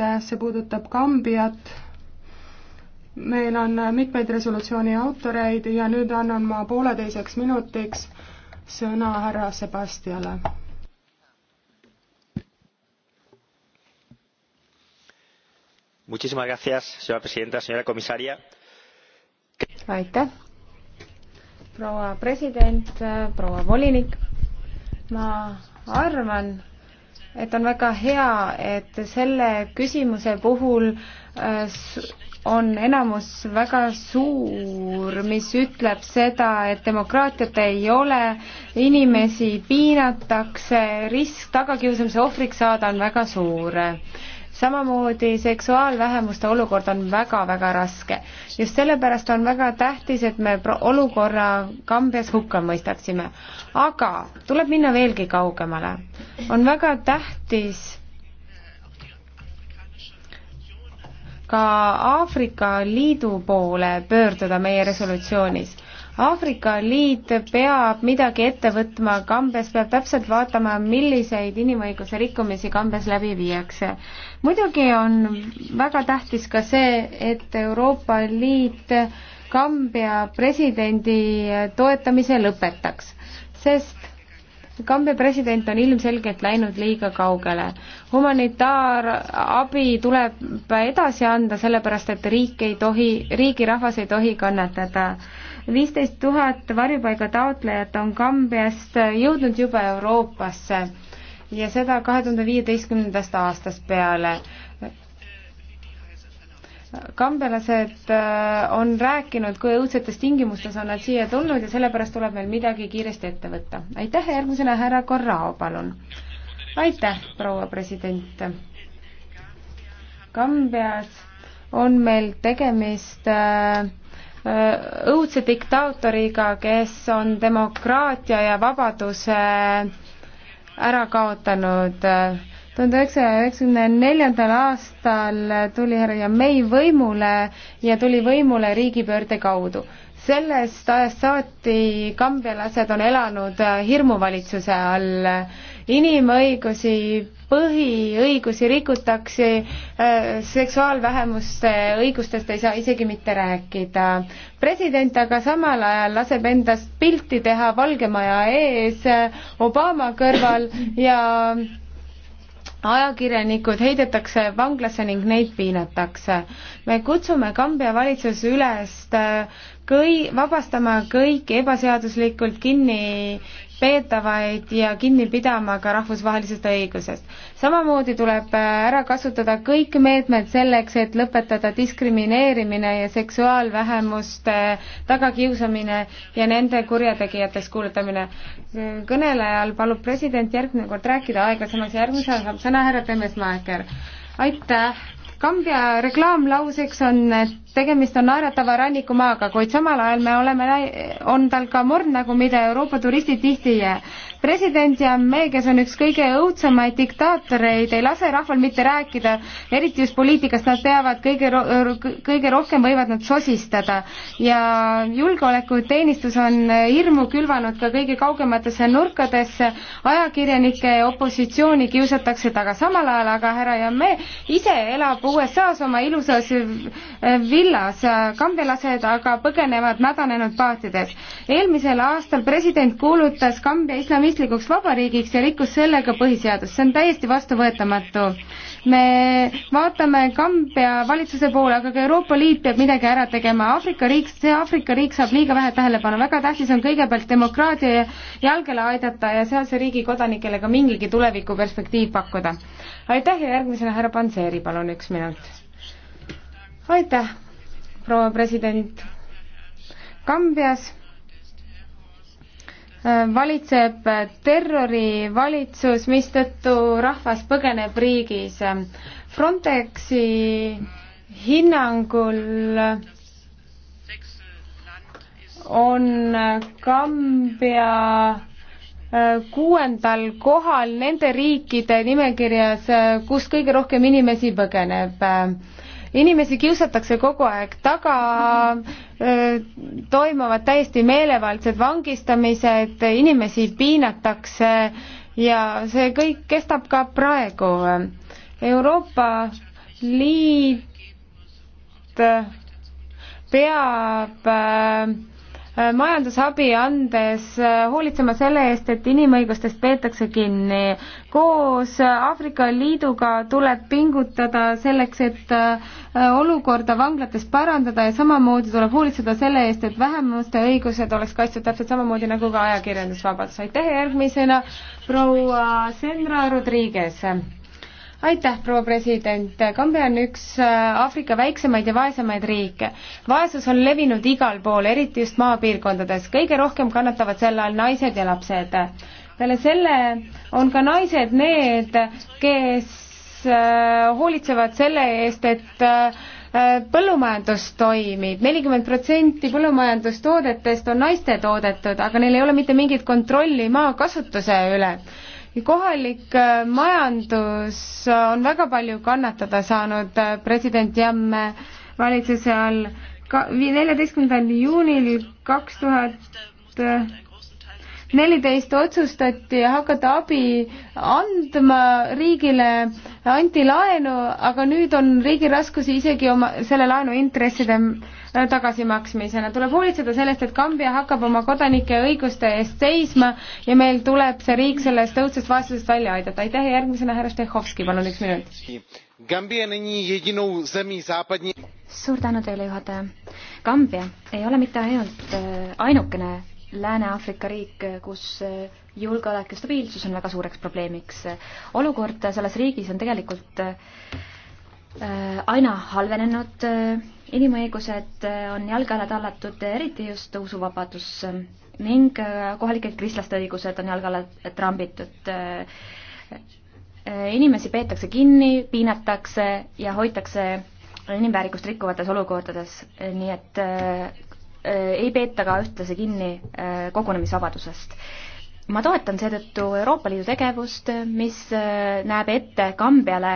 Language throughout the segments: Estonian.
ette, see puudutab Kambiat. meil on mitmeid resolutsiooni autoreid ja nüüd annan ma pooleteiseks minutiks sõna härra Sebastiale. Muchísimas gracias, señora presidenta, señora comisaria. aitäh, proua president, proua volinik. ma arvan, et on väga hea, et selle küsimuse puhul äh, on enamus väga suur, mis ütleb seda, et demokraatiat ei ole, inimesi piinatakse, risk tagakiusamise ohvriks saada on väga suur samamoodi seksuaalvähemuste olukord on väga-väga raske. just sellepärast on väga tähtis, et me olukorra Kambjas hukka mõistaksime. aga tuleb minna veelgi kaugemale. on väga tähtis ka Aafrika Liidu poole pöörduda meie resolutsioonis. Aafrika Liit peab midagi ette võtma, Kambes peab täpselt vaatama, milliseid inimõiguse rikkumisi Kambes läbi viiakse. muidugi on väga tähtis ka see, et Euroopa Liit Kambja presidendi toetamise lõpetaks, sest Kambja president on ilmselgelt läinud liiga kaugele. humanitaarabi tuleb edasi anda, sellepärast et riik ei tohi, riigi rahvas ei tohi kannatada. viisteist tuhat varjupaiga taotlejat on Kambjast jõudnud juba Euroopasse ja seda kahe tuhande viieteistkümnendast aastast peale kambelased äh, on rääkinud, kui õudsetes tingimustes on nad siia tulnud ja sellepärast tuleb meil midagi kiiresti ette võtta. aitäh ja järgmisena härra Korrao, palun. aitäh, proua president. Kambias on meil tegemist äh, õudse diktaatoriga, kes on demokraatia ja vabaduse ära kaotanud tuhande üheksasaja üheksakümne neljandal aastal tuli härra Jamei võimule ja tuli võimule riigipöörde kaudu. sellest ajast saati kambjalased on elanud hirmuvalitsuse all. inimõigusi, põhiõigusi rikutakse, äh, seksuaalvähemuste õigustest ei saa isegi mitte rääkida. president aga samal ajal laseb endast pilti teha Valge Maja ees Obama kõrval ja ajakirjanikud heidetakse vanglasse ning neid piinatakse. me kutsume Kambja valitsuse üles äh, kõi-, vabastama kõik ebaseaduslikult kinni peetavaid ja kinni pidama ka rahvusvahelisest õigusest. samamoodi tuleb äh, ära kasutada kõik meetmed selleks, et lõpetada diskrimineerimine ja seksuaalvähemuste tagakiusamine ja nende kurjategijateks kuulutamine. kõnelejal palub president järgmine kord rääkida aeglasemaks, järgmisena saab sõna härra Temesmaeker. aitäh Kambja reklaamlauseks on, et tegemist on naeratava rannikumaaga, kuid samal ajal me oleme, on tal ka morn, nagu mida Euroopa turistid tihti ei jää president Jammeh, kes on üks kõige õudsemaid diktaatoreid, ei lase rahval mitte rääkida, eriti just poliitikast, nad peavad kõige, kõige rohkem võivad nad sosistada. ja julgeolekuteenistus on hirmu külvanud ka kõige kaugematesse nurkadesse, ajakirjanikke ja opositsiooni kiusatakse taga. samal ajal aga härra Jammeh ise elab USA-s oma ilusas villas, kambelased aga põgenevad mädanenud paatides. eelmisel aastal president kuulutas Kambja islami kommunistlikuks vabariigiks ja rikkus sellega põhiseadust, see on täiesti vastuvõetamatu. me vaatame Kambja valitsuse poole, aga ka Euroopa Liit peab midagi ära tegema, Aafrika riik, see Aafrika riik saab liiga vähe tähelepanu, väga tähtis on kõigepealt demokraatia jalgele aidata ja sealse riigi kodanikele ka mingigi tulevikuperspektiiv pakkuda. aitäh ja järgmisena härra Panseri, palun üks minut. aitäh, proua president. Kambjas valitseb terrorivalitsus, mistõttu rahvas põgeneb riigis. Frontexi hinnangul on Kambja äh, kuuendal kohal nende riikide nimekirjas, äh, kus kõige rohkem inimesi põgeneb inimesi kiusatakse kogu aeg taga, toimuvad täiesti meelevaldsed vangistamised, inimesi piinatakse ja see kõik kestab ka praegu. Euroopa Liit peab äh, majandusabi andes äh, hoolitsema selle eest, et inimõigustest peetakse kinni. koos Aafrika Liiduga tuleb pingutada selleks, et äh, olukorda vanglates parandada ja samamoodi tuleb hoolitseda selle eest, et vähemuste õigused oleks kaitstud täpselt samamoodi nagu ka ajakirjandusvabadus. aitäh ja järgmisena proua Senra Rodriguez aitäh, proua president, Kambja on üks äh, Aafrika väiksemaid ja vaesemaid riike. vaesus on levinud igal pool, eriti just maapiirkondades, kõige rohkem kannatavad selle all naised ja lapsed. peale selle on ka naised need, kes äh, hoolitsevad selle eest, et äh, põllumajandus toimib, nelikümmend protsenti põllumajandustoodetest on naiste toodetud, aga neil ei ole mitte mingit kontrolli maa kasutuse üle kohalik äh, majandus on väga palju kannatada saanud äh, president Jamme valitsuse all. neljateistkümnendal juunil kaks tuhat äh, neliteist otsustati hakata abi andma riigile, anti laenu, aga nüüd on riigil raskusi isegi oma, selle laenu intresside tagasimaksmisena. tuleb hoolitseda sellest, et Kambja hakkab oma kodanike õiguste eest seisma ja meil tuleb see riik sellest õudsest vaesusest välja aidata. aitäh ja järgmisena härra Štehovski, palun üks minut. Gambia není jedinou zemí západní... Suur tänu teile, juhataja. Kambja ei ole mitte ainult äh, ainukene Lääne-Aafrika riik, kus julgeolek ja stabiilsus on väga suureks probleemiks. olukord selles riigis on tegelikult äh, aina halvenenud, inimõigused on jalge alla tallatud, eriti just usuvabadus ning äh, kohalike kristlaste õigused on jalge alla trambitud. Äh, inimesi peetakse kinni, piinatakse ja hoitakse inimväärikust rikkuvates olukordades, nii et Äh, ei peeta ka ühtlasi kinni äh, kogunemisvabadusest. ma toetan seetõttu Euroopa Liidu tegevust, mis äh, näeb ette Kambjale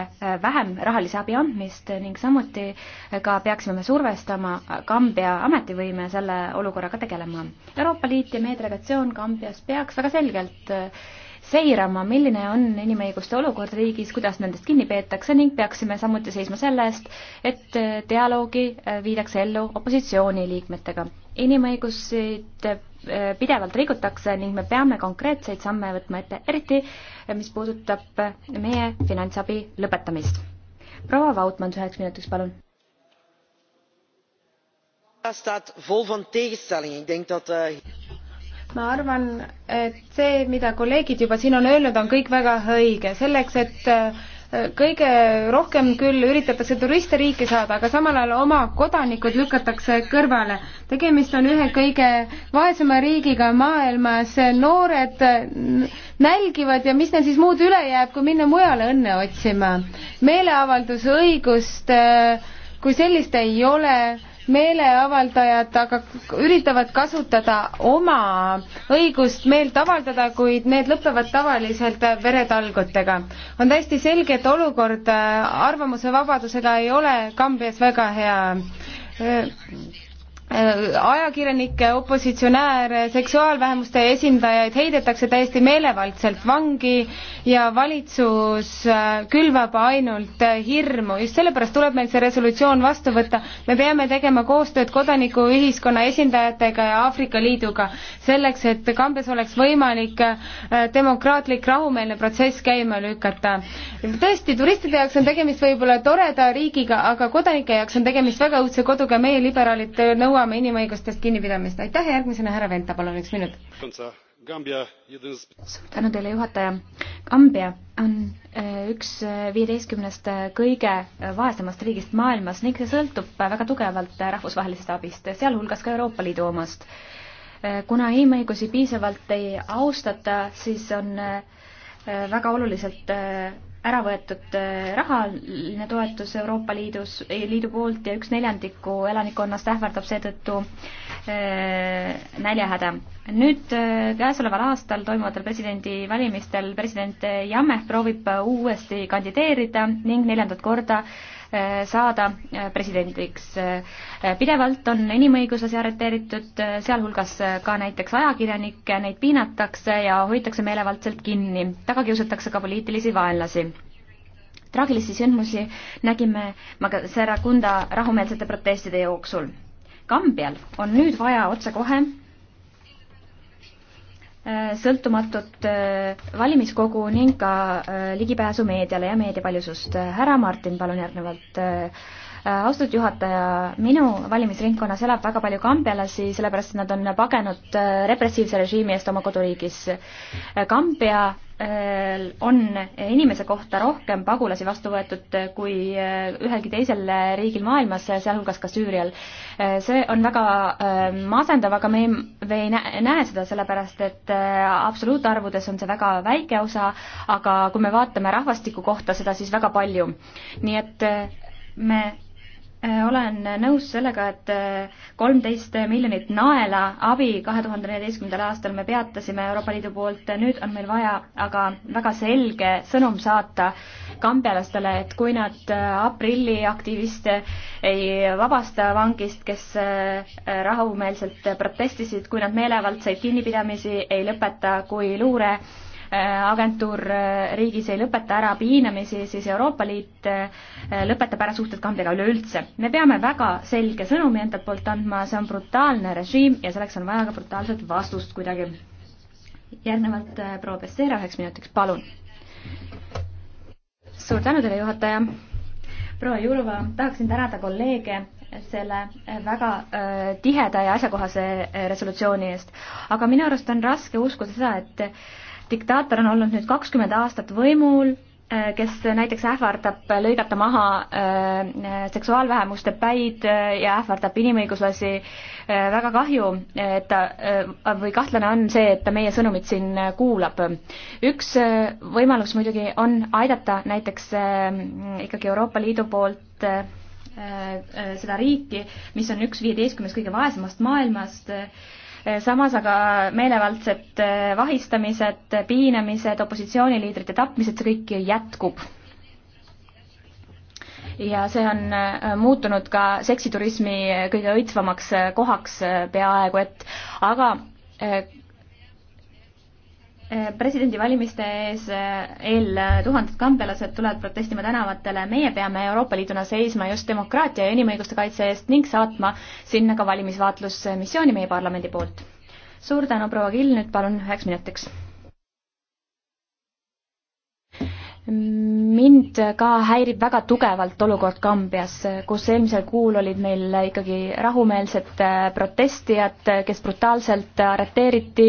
vähem rahalise abi andmist ning samuti ka peaksime me survestama Kambja ametivõime selle olukorraga tegelema. Euroopa Liit ja meie delegatsioon Kambjas peaks väga selgelt seirama, milline on inimõiguste olukord riigis, kuidas nendest kinni peetakse ning peaksime samuti seisma selle eest, et äh, dialoogi äh, viidakse ellu opositsiooniliikmetega. inimõigusid äh, pidevalt rikutakse ning me peame konkreetseid samme võtma ette, eriti mis puudutab meie finantsabi lõpetamist. proua Vautmans üheks minutiks, palun ma arvan, et see, mida kolleegid juba siin on öelnud, on kõik väga õige. selleks, et äh, kõige rohkem küll üritatakse turiste riiki saada, aga samal ajal oma kodanikud lükatakse kõrvale. tegemist on ühe kõige vaesema riigiga maailmas, noored äh, nälgivad ja mis neil siis muud üle jääb, kui minna mujale õnne otsima. meeleavaldusõigust äh, kui sellist ei ole meeleavaldajad aga üritavad kasutada oma õigust meelt avaldada, kuid need lõpevad tavaliselt veretalgutega. on täiesti selge, et olukord äh, arvamusevabadusega ei ole Kambjas väga hea äh, Äh, ajakirjanikke, opositsionääre, seksuaalvähemuste esindajaid heidetakse täiesti meelevaldselt vangi ja valitsus äh, külvab ainult äh, hirmu. just sellepärast tuleb meil see resolutsioon vastu võtta. me peame tegema koostööd kodanikuühiskonna esindajatega ja Aafrika Liiduga selleks, et Kambes oleks võimalik demokraatlik rahumeelne protsess käima lükata. tõesti, turistide jaoks on tegemist võib-olla toreda riigiga, aga kodanike jaoks on tegemist väga õudse koduga. meie liberaalid nõuame tagame inimõigustest kinnipidamist. aitäh ja järgmisena härra Venta, palun üks minut. suur tänu teile, juhataja. Kambja on äh, üks äh, viieteistkümnest äh, kõige vaesemast riigist maailmas ning see sõltub väga tugevalt rahvusvahelisest abist, sealhulgas ka Euroopa Liidu omast. kuna inimõigusi piisavalt ei austata, siis on väga oluliselt ära võetud äh, rahaline toetus Euroopa Liidus, eh, liidu poolt ja üks neljandiku elanikkonnast ähvardab seetõttu äh, näljahäda. nüüd äh, käesoleval aastal toimuvatel presidendivalimistel president Jammeh proovib uuesti kandideerida ning neljandat korda äh, Eh, saada eh, presidendiks. Eh, pidevalt on inimõiguslasi arreteeritud, sealhulgas ka näiteks ajakirjanikke, neid piinatakse ja hoitakse meelevaldselt kinni. taga kiusatakse ka poliitilisi vaenlasi traagilisi sündmusi nägime Seracunda rahumeelsete protestide jooksul. Kambjal on nüüd vaja otsekohe Äh, sõltumatut äh, valimiskogu ning ka äh, ligipääsu meediale ja meediapaljusust. härra Martin, palun järgnevalt austatud juhataja, minu valimisringkonnas elab väga palju kambjalasi, sellepärast et nad on pagenud äh, repressiivse režiimi eest oma koduriigis. Äh, Kambja äh, on inimese kohta rohkem pagulasi vastu võetud kui ühelgi teisel riigil maailmas, sealhulgas ka Süürial. see on väga masendav, aga me ei, me ei näe seda, sellepärast et absoluutarvudes on see väga väike osa, aga kui me vaatame rahvastiku kohta seda, siis väga palju. nii et me Äh, olen nõus sellega, et äh, kolmteist miljonit naela abi kahe tuhande neljateistkümnendal aastal me peatasime Euroopa Liidu poolt, nüüd on meil vaja aga väga selge sõnum saata kambjalastele, et kui nad äh, aprilli aktiviste ei vabasta vangist, kes rahumeelselt protestisid, kui nad meelevaldseid kinnipidamisi ei lõpeta, kui luure Äh, agentuur äh, riigis ei lõpeta ära piinamisi, siis Euroopa Liit äh, lõpetab ära suhted kandega üleüldse. me peame väga selge sõnumi endalt poolt andma, see on brutaalne režiim ja selleks on vaja ka brutaalset vastust kuidagi. järgnevalt proua Pessera üheks minutiks, palun. suur tänu teile, juhataja. proua Jurova, tahaksin tänada kolleege selle väga tiheda ja asjakohase resolutsiooni eest. aga minu arust on raske uskuda seda, et diktaator on olnud nüüd kakskümmend aastat võimul, äh, kes näiteks ähvardab lõigata maha äh, seksuaalvähemuste päid äh, ja ähvardab inimõiguslasi. väga kahju, et ta või kahtlane on see, et ta meie sõnumit siin kuulab. üks võimalus muidugi on aidata näiteks ikkagi Euroopa Liidu poolt seda riiki, mis on üks viieteistkümnest kõige vaesemast maailmast Eh, samas aga meelevaldsed eh, vahistamised, eh, piinamised, opositsiooniliidrite tapmised, see kõik jätkub. ja see on muutunud ka seksiturismi kõige õitsvamaks kohaks peaaegu et, aga Eh, presidendivalimiste ees eh, eel eh, tuhanded kambelased tulevad protestima tänavatele, meie peame Euroopa Liiduna seisma just demokraatia ja inimõiguste kaitse eest ning saatma sinna ka valimisvaatlusmissiooni meie parlamendi poolt. suur tänu, proua Kill, nüüd palun üheks minutiks meid äh, ka häirib väga tugevalt olukord Kambjas, äh, kus eelmisel kuul olid meil ikkagi rahumeelsed äh, protestijad, kes brutaalselt arreteeriti,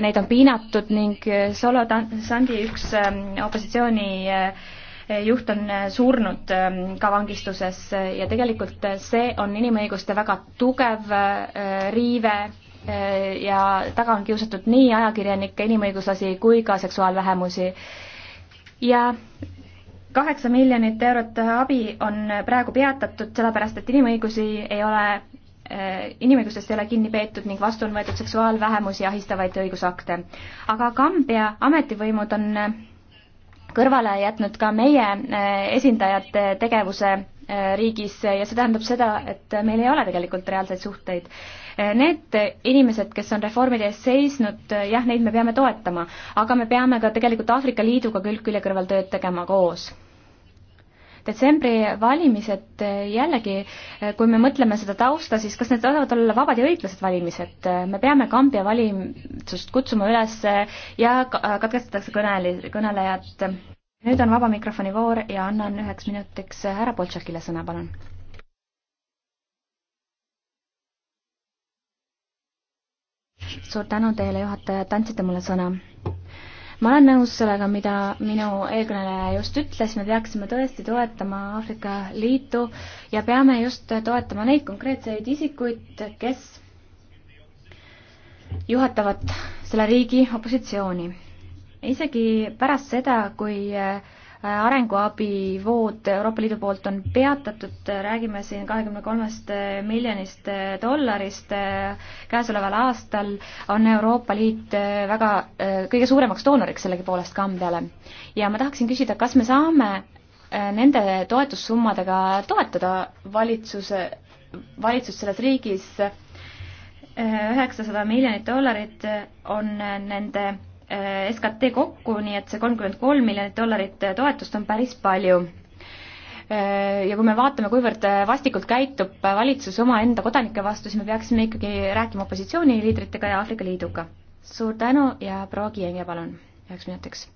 neid on piinatud ning Solo Sandi üks ähm, opositsiooni juht on surnud ähm, ka vangistuses ja tegelikult see on inimõiguste väga tugev riive ja taga on kiusatud nii ajakirjanikke, inimõiguslasi kui ka seksuaalvähemusi ja kaheksa miljonit eurot abi on praegu peatatud, sellepärast et inimõigusi ei ole äh, inimõigustest ei ole kinni peetud ning vastu on võetud seksuaalvähemusi ahistavaid õigusakte. aga Kambja ametivõimud on äh, kõrvale jätnud ka meie äh, esindajate tegevuse riigis ja see tähendab seda, et meil ei ole tegelikult reaalseid suhteid. Need inimesed, kes on reformide eest seisnud, jah, neid me peame toetama, aga me peame ka tegelikult Aafrika Liiduga külg külje kõrval tööd tegema koos detsembri valimised eh, jällegi, eh, kui me mõtleme seda tausta, siis kas need saavad olla vabad ja õiglased valimised? Eh, me peame Kambja valitsust kutsuma üles ja katkestatakse kõneli-, kõnelejad. nüüd on vaba mikrofoni voor ja annan üheks minutiks härra Boltšakile sõna, palun. suur tänu teile, juhataja, et andsite mulle sõna ma olen nõus sellega, mida minu eelkõneleja just ütles, me peaksime tõesti toetama Aafrika Liitu ja peame just toetama neid konkreetseid isikuid, kes juhatavad selle riigi opositsiooni. isegi pärast seda, kui äh, arenguabivood Euroopa Liidu poolt on peatatud, räägime siin kahekümne kolmest miljonist dollarist käesoleval aastal, on Euroopa Liit väga, kõige suuremaks doonoriks sellegipoolest Kambjale. ja ma tahaksin küsida, kas me saame nende toetussummadega toetada valitsuse, valitsust selles riigis, üheksasada miljonit dollarit on nende Eh, SKT kokku, nii et see kolmkümmend kolm miljonit dollarit eh, toetust on päris palju. Eh, ja kui me vaatame, kuivõrd vastikult käitub valitsus omaenda kodanike vastu, siis me peaksime ikkagi rääkima opositsiooniliidritega ja Aafrika Liiduga. suur tänu ja proua Kiienge, palun, üheks minutiks.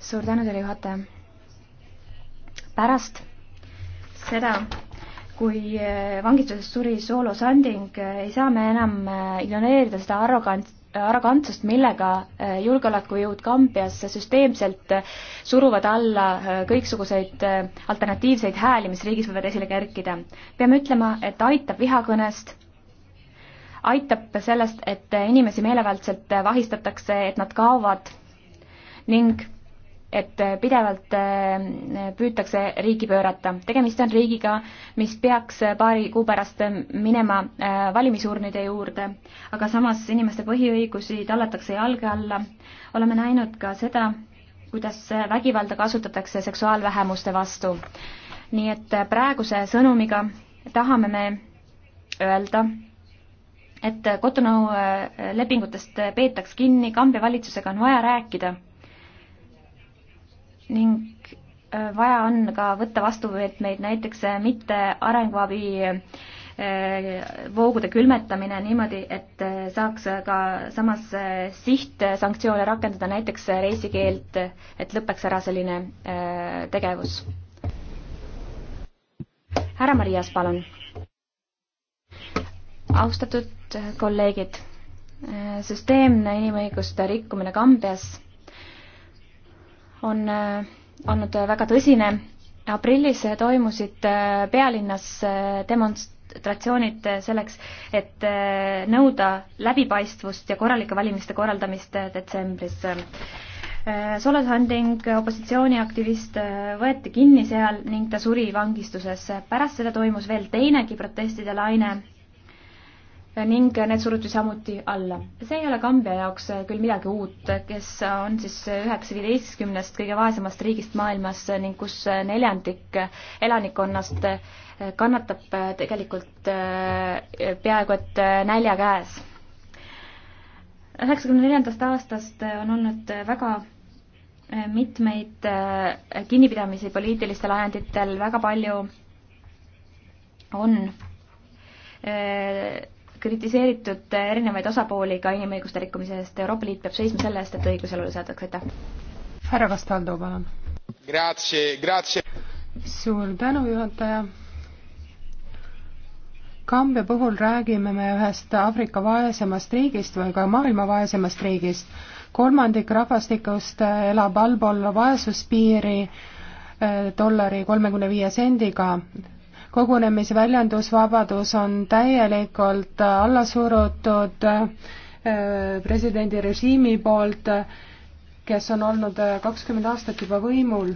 suur tänu teile, juhataja. pärast seda kui eh, vangistuses suri Solo Sanding, eh, ei saa me enam eh, ignoreerida seda arrogant-, arrogantsust, millega julgeolekujõud Kambjas süsteemselt suruvad alla kõiksuguseid alternatiivseid hääli, mis riigis võivad esile kerkida. peame ütlema, et aitab vihakõnest, aitab sellest, et inimesi meelevaldselt vahistatakse, et nad kaovad ning et pidevalt äh, püütakse riiki pöörata. tegemist on riigiga, mis peaks paari kuu pärast minema äh, valimisurnide juurde, aga samas inimeste põhiõigusi tallatakse jalge alla. oleme näinud ka seda, kuidas vägivalda kasutatakse seksuaalvähemuste vastu. nii et praeguse sõnumiga tahame me öelda, et Cotonou äh, lepingutest peetaks kinni, Kambja valitsusega on vaja rääkida ning äh, vaja on ka võtta vastumeetmeid, näiteks äh, mitte arenguabi äh, voogude külmetamine niimoodi, et saaks ka samas sihtsanktsioone rakendada, näiteks reisikeeld, et lõpeks ära selline tegevus. härra Marias, palun. austatud kolleegid, süsteemne inimõiguste rikkumine Kambjas on äh, olnud äh, väga tõsine. aprillis äh, toimusid pealinnas demonstratsioonid selleks, et nõuda läbipaistvust ja korralike valimiste korraldamist detsembris. Solothanding, opositsiooniaktivist, võeti kinni seal ning ta suri vangistuses. pärast seda toimus veel teinegi protestide laine ning need suruti samuti alla. see ei ole Kambja jaoks küll midagi uut, kes on siis üheks viieteistkümnest kõige vaesemast riigist maailmas ning kus neljandik elanikkonnast kannatab tegelikult eh, peaaegu et nälja käes. üheksakümne neljandast aastast on olnud väga eh, mitmeid eh, kinnipidamisi poliitilistel ajenditel, väga palju on kritiseeritud erinevaid osapooli ka inimõiguste rikkumise eest. Euroopa Liit peab seisma selle eest, et õigus elule saadaks, aitäh. härra Castaldo, palun. suur tänu, juhataja. Kambja puhul räägime me ühest Aafrika vaesemast riigist või ka maailma vaesemast riigist. kolmandik rahvastikust elab allpool vaesuspiiri eh, dollari kolmekümne viie sendiga kogunemisväljendusvabadus on täielikult alla surutud äh, presidendi režiimi poolt, kes on olnud äh, kakskümmend aastat juba võimul.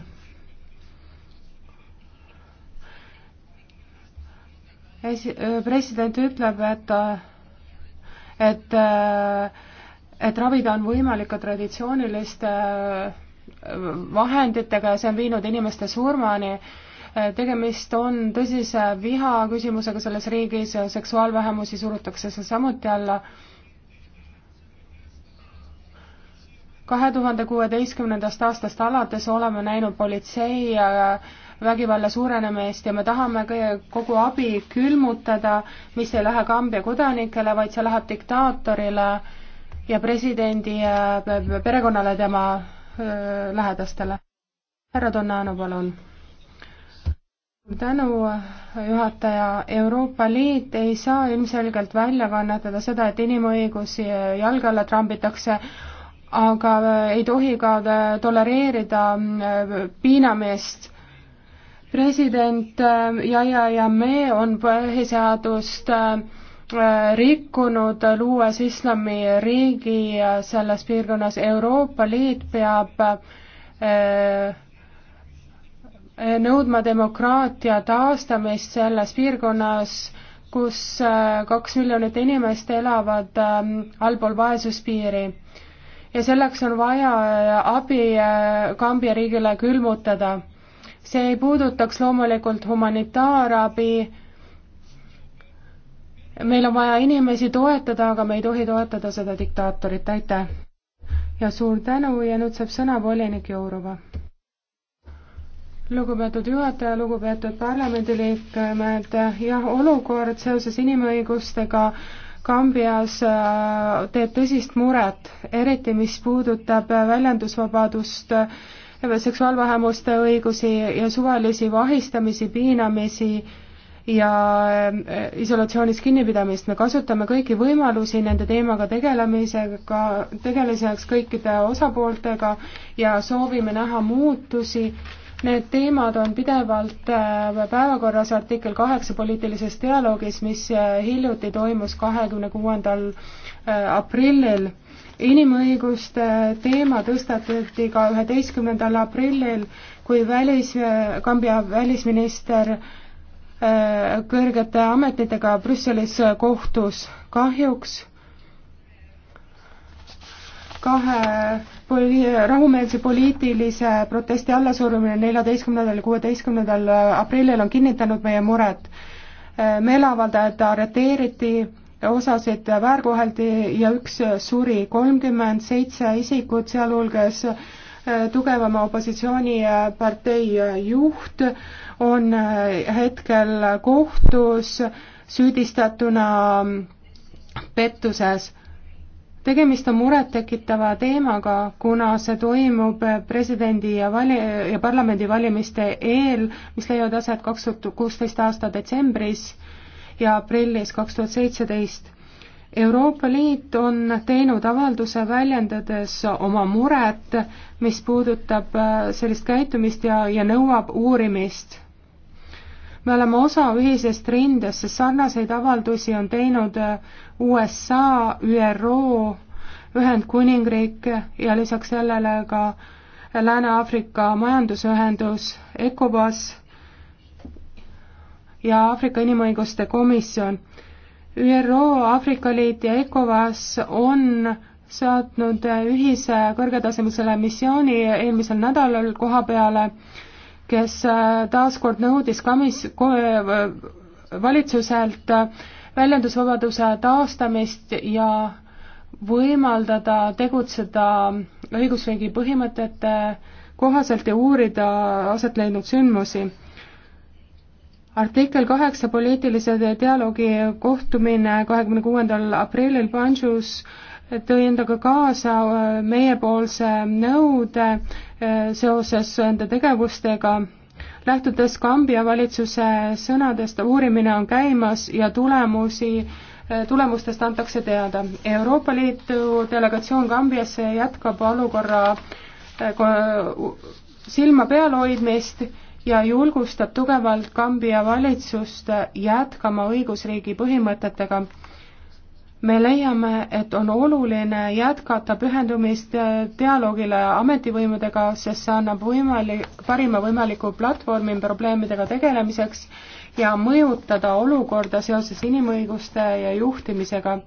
esi-, äh, president ütleb, et, et, et ravida on võimalik ka traditsiooniliste vahenditega ja see on viinud inimeste surmani Äh, tegemist on tõsise viha küsimusega selles riigis, seksuaalvähemusi surutakse seal samuti alla. kahe tuhande kuueteistkümnendast aastast alates oleme näinud politsei vägivalla suurenemist ja me tahame kogu abi külmutada, mis ei lähe Kambja kodanikele, vaid see läheb diktaatorile ja presidendi perekonnale, tema lähedastele. härra Donnano, palun tänu, juhataja. Euroopa Liit ei saa ilmselgelt välja kannatada seda, et inimõigusi jalge alla trambitakse, aga ei tohi ka tolereerida äh, piinamist. president äh, Yahya Jammeh on põhiseadust äh, rikkunud, luues islamiriigi selles piirkonnas. Euroopa Liit peab äh, nõudma demokraatia taastamist selles piirkonnas, kus äh, kaks miljonit inimest elavad äh, allpool vaesuspiiri. ja selleks on vaja äh, abi Kambja riigile külmutada. see ei puudutaks loomulikult humanitaarabi, meil on vaja inimesi toetada, aga me ei tohi toetada seda diktaatorit, aitäh! ja suur tänu ja nüüd saab sõna volinik Jourova lugupeetud juhataja, lugupeetud parlamendiliikmed, jah, olukord seoses inimõigustega Kambias äh, teeb tõsist muret, eriti mis puudutab äh, väljendusvabadust, äh, seksuaalvähemuste õigusi ja suvalisi vahistamisi, piinamisi ja isolatsioonis kinnipidamist. me kasutame kõiki võimalusi nende teemaga tegelemisega, tegelemiseks kõikide osapooltega ja soovime näha muutusi Need teemad on pidevalt äh, päevakorras artikkel kaheksa poliitilises dialoogis, mis äh, hiljuti toimus kahekümne kuuendal äh, aprillil. inimõiguste teema tõstatati ka üheteistkümnendal aprillil, kui välis, Kambja välisminister kõrgete ametitega Brüsselis kohtus. kahjuks kahe poli-, rahumeelse poliitilise protesti allasurumine neljateistkümnendal ja kuueteistkümnendal aprillil on kinnitanud meie muret. meeleavaldajad arreteeriti, osasid väärkoheldi ja üks suri, kolmkümmend seitse isikut, sealhulgas äh, tugevama opositsioonipartei juht on äh, hetkel kohtus süüdistatuna pettuses tegemist on murettekitava teemaga, kuna see toimub presidendi ja vali- ja parlamendivalimiste eel, mis leiavad aset kaks tuhat kuusteist aasta detsembris ja aprillis kaks tuhat seitseteist. Euroopa Liit on teinud avalduse väljendades oma muret, mis puudutab äh, sellist käitumist ja, ja nõuab uurimist me oleme osa ühisest rindest, sest sarnaseid avaldusi on teinud äh, USA, ÜRO, Ühendkuningriik ja lisaks sellele ka Lääne-Aafrika Majandusühendus, ECOWAS ja Aafrika Inimõiguste Komisjon. ÜRO, Aafrika Liit ja ECOWAS on saatnud ühise kõrgetasemelisele missiooni eelmisel nädalal koha peale kes äh, taaskord nõudis komis-, äh, valitsuselt äh, väljendusvabaduse taastamist ja võimaldada tegutseda õigusriigi põhimõtete kohaselt ja uurida aset leidnud sündmusi. artikkel kaheksa poliitilise dialoogi kohtumine kahekümne kuuendal aprillil Banjus tõi endaga kaasa äh, meiepoolse nõude äh, seoses nende tegevustega. lähtudes Kambja valitsuse sõnadest, uurimine on käimas ja tulemusi, äh, tulemustest antakse teada. Euroopa Liidu delegatsioon Kambiasse jätkab olukorra silma peal hoidmist ja julgustab tugevalt Kambja valitsust jätkama õigusriigi põhimõtetega me leiame, et on oluline jätkata pühendumist dialoogile ametivõimudega, sest see annab võimalik, parima võimaliku platvormi probleemidega tegelemiseks ja mõjutada olukorda seoses inimõiguste ja juhtimisega.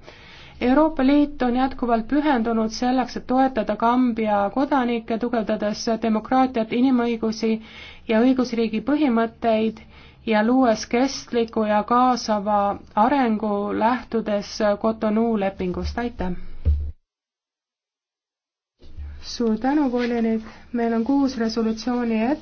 Euroopa Liit on jätkuvalt pühendunud selleks, et toetada Kambja kodanikke, tugevdades demokraatiat, inimõigusi ja õigusriigi põhimõtteid ja luues kestliku ja kaasava arengu, lähtudes Cotonou lepingust, aitäh! suur tänu, volinik, meil on kuus resolutsiooni ette.